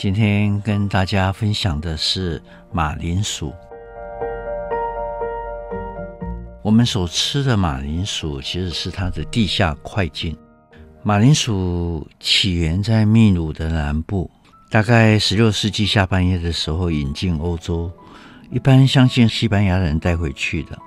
今天跟大家分享的是馬鈴薯。我們所吃的馬鈴薯其實是它的地下塊莖。馬鈴薯起源在秘魯的南部，大概十六世紀下半葉的時候引進歐洲，一般相信西班牙人帶回去的。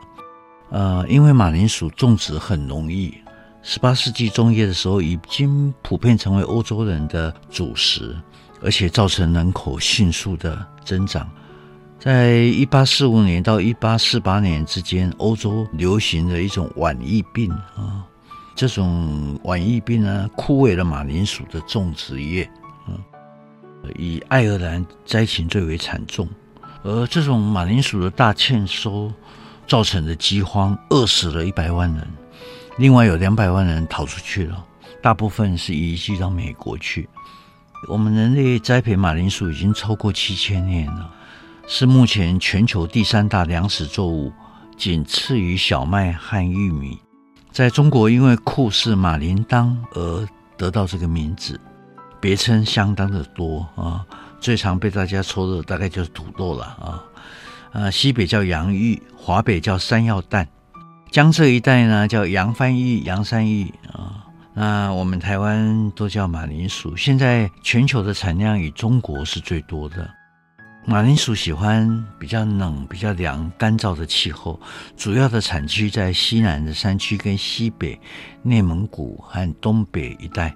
呃，因為馬鈴薯種植很容易，十八世紀中葉的時候已經普遍成為歐洲人的主食。而且造成人口迅速的增長，在一八四五年到一八四八年之間，歐洲流行的一種晚疫病啊，這種晚疫病呢，枯萎了馬鈴薯的種植業，嗯、啊，以愛爾蘭災情最為慘重，而這種馬鈴薯的大歉收造成的飢荒，餓死了一百萬人，另外有兩百萬人逃出去了，大部分是移居到美國去。我們人類栽培馬鈴薯已經超過七千年了，是目前全球第三大糧食作物，僅次於小麥和玉米。在中國，因為酷似馬鈴鐺而得到這個名字，別稱相當的多啊。最常被大家抽的大概就是土豆了啊。呃，西北叫洋芋，華北叫山藥蛋，江浙一帶呢叫洋番芋、洋山芋啊。那我們台灣都叫馬鈴薯。現在全球的產量以中國是最多的。馬鈴薯喜歡比較冷、比較涼、乾燥的氣候，主要的產區在西南的山區跟西北、內蒙古和東北一帶。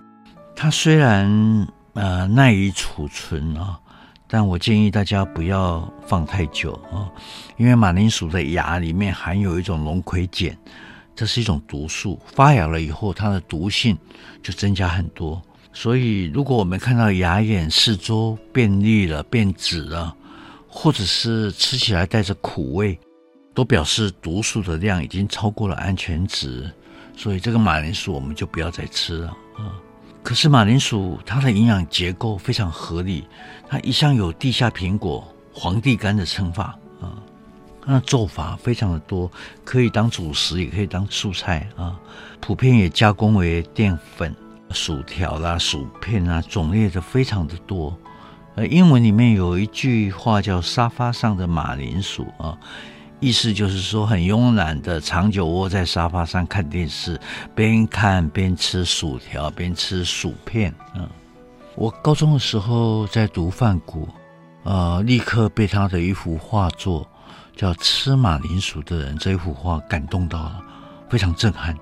它雖然呃耐於儲存啊、哦，但我建議大家不要放太久啊、哦，因為馬鈴薯的芽裡面含有一種龍葵鹼。這是一種毒素，發芽了以後，它的毒性就增加很多。所以，如果我們看到牙眼四周變綠了、變紫了，或者是吃起來帶着苦味，都表示毒素的量已經超過了安全值。所以，這個馬鈴薯我們就不要再吃了啊、嗯！可是，馬鈴薯它的營養結構非常合理，它一向有“地下蘋果”、“皇帝柑”的稱法。那做法非常的多，可以當主食，也可以當素菜啊。普遍也加工為澱粉、薯條啦、薯片啊，種類的非常的多。呃，英文裡面有一句話叫“沙發上的馬鈴薯”啊，意思就是說很慵懶的，長久窩在沙發上看電視，邊看邊吃薯條，邊吃薯片。啊，我高中的時候在讀梵谷，啊，呃，立刻被他的一幅畫作。叫吃馬鈴薯的人這一幅畫感動到了，非常震撼。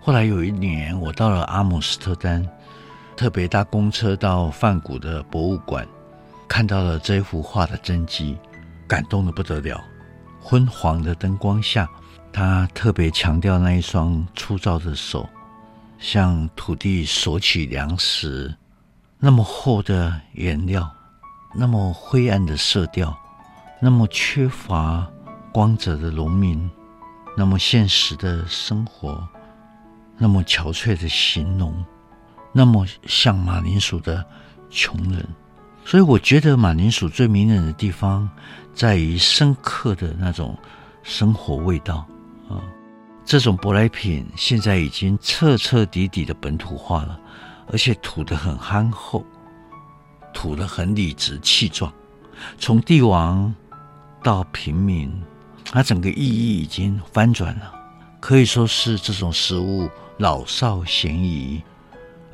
後來有一年，我到了阿姆斯特丹，特別搭公車到梵谷的博物館，看到了這一幅畫的真跡，感動得不得了。昏黃的燈光下，他特別強調那一雙粗糙的手，向土地索取糧食，那麼厚的顏料，那麼灰暗的色調。那麼缺乏光澤的農民，那麼現實的生活，那麼憔悴的形容，那麼像馬鈴薯的窮人，所以我覺得馬鈴薯最迷人的地方在於深刻的那種生活味道啊、嗯！這種舶來品現在已經徹徹底底的本土化了，而且土得很憨厚，土得很理直氣壯，從帝王，到平民，它整個意義已經翻轉了，可以說是這種食物老少咸宜，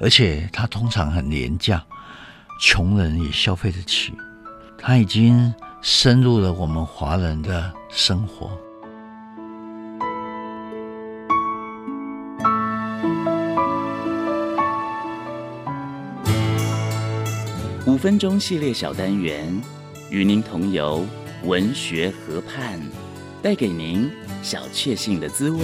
而且它通常很廉價，窮人也消費得起，它已經深入了我們華人的生活。五分鐘系列小單元，與您同遊。文學河畔，帶給您小確幸的滋味。